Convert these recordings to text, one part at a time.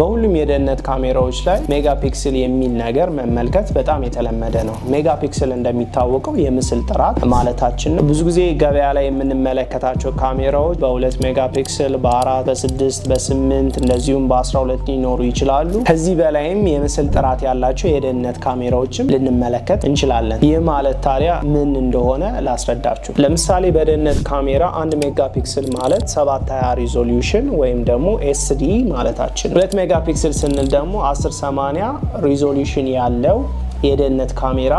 በሁሉም የደህንነት ካሜራዎች ላይ ሜጋፒክስል የሚል ነገር መመልከት በጣም የተለመደ ነው። ሜጋፒክስል እንደሚታወቀው የምስል ጥራት ማለታችን ነው። ብዙ ጊዜ ገበያ ላይ የምንመለከታቸው ካሜራዎች በሁለት ሜጋ ፒክስል፣ በአራት በስድስት በስምንት እንደዚሁም በአስራ ሁለት ሊኖሩ ይችላሉ። ከዚህ በላይም የምስል ጥራት ያላቸው የደህንነት ካሜራዎችም ልንመለከት እንችላለን። ይህ ማለት ታዲያ ምን እንደሆነ ላስረዳችሁ። ለምሳሌ በደህንነት ካሜራ አንድ ሜጋፒክስል ማለት ሰባት ሀያ ሪዞሉሽን ወይም ደግሞ ኤስዲ ማለታችን ሁለት ሜጋ ፒክስል ስንል ደግሞ 1080 ሪዞሉሽን ያለው የደህንነት ካሜራ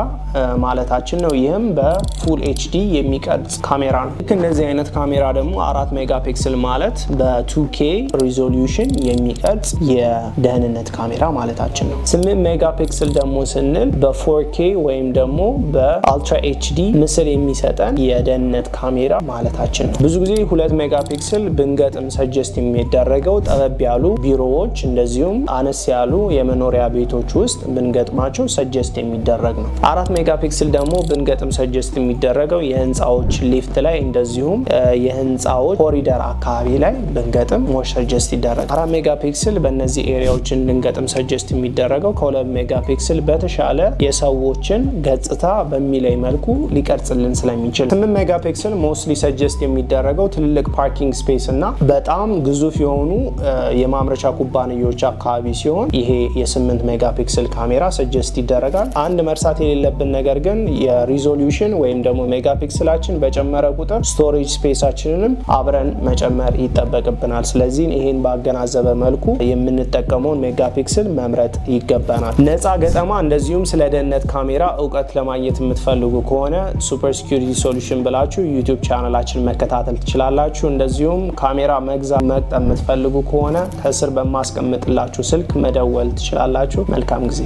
ማለታችን ነው። ይህም በፉል ኤችዲ የሚቀርጽ ካሜራ ነው። ልክ እንደዚህ አይነት ካሜራ ደግሞ አራት ሜጋፒክስል ማለት በቱኬ ሪዞሉሽን የሚቀርጽ የደህንነት ካሜራ ማለታችን ነው። ስምንት ሜጋፒክስል ደግሞ ስንል በፎርኬ ወይም ደግሞ በአልትራ ኤችዲ ምስል የሚሰጠን የደህንነት ካሜራ ማለታችን ነው። ብዙ ጊዜ ሁለት ሜጋፒክስል ብንገጥም ሰጀስት የሚደረገው ጠበብ ያሉ ቢሮዎች እንደዚሁም አነስ ያሉ የመኖሪያ ቤቶች ውስጥ ብንገጥማቸው ሰጀስት ሰጀስት የሚደረግ ነው። አራት ሜጋፒክስል ደግሞ ብንገጥም ሰጀስት የሚደረገው የህንፃዎች ሊፍት ላይ እንደዚሁም የህንፃዎች ኮሪደር አካባቢ ላይ ብንገጥም ሞሽ ሰጀስት ይደረጋል። አራት ሜጋፒክስል በእነዚህ ኤሪያዎች ብንገጥም ሰጀስት የሚደረገው ከሁለት ሜጋፒክስል በተሻለ የሰዎችን ገጽታ በሚለይ መልኩ ሊቀርጽልን ስለሚችል፣ ስምንት ሜጋፒክስል ሞስሊ ሰጀስት የሚደረገው ትልልቅ ፓርኪንግ ስፔስ እና በጣም ግዙፍ የሆኑ የማምረቻ ኩባንያዎች አካባቢ ሲሆን ይሄ የስምንት ሜጋፒክስል ካሜራ ሰጀስት ይደረጋል። ይችላል። አንድ መርሳት የሌለብን ነገር ግን የሪዞሉሽን ወይም ደግሞ ሜጋፒክስላችን በጨመረ ቁጥር ስቶሬጅ ስፔሳችንንም አብረን መጨመር ይጠበቅብናል። ስለዚህ ይሄን ባገናዘበ መልኩ የምንጠቀመውን ሜጋፒክስል መምረጥ ይገባናል። ነፃ ገጠማ እንደዚሁም ስለ ደህንነት ካሜራ እውቀት ለማግኘት የምትፈልጉ ከሆነ ሱፐር ሲኪሪቲ ሶሉሽን ብላችሁ ዩቲዩብ ቻናላችን መከታተል ትችላላችሁ። እንደዚሁም ካሜራ መግዛት መቅጠም የምትፈልጉ ከሆነ ከስር በማስቀምጥላችሁ ስልክ መደወል ትችላላችሁ። መልካም ጊዜ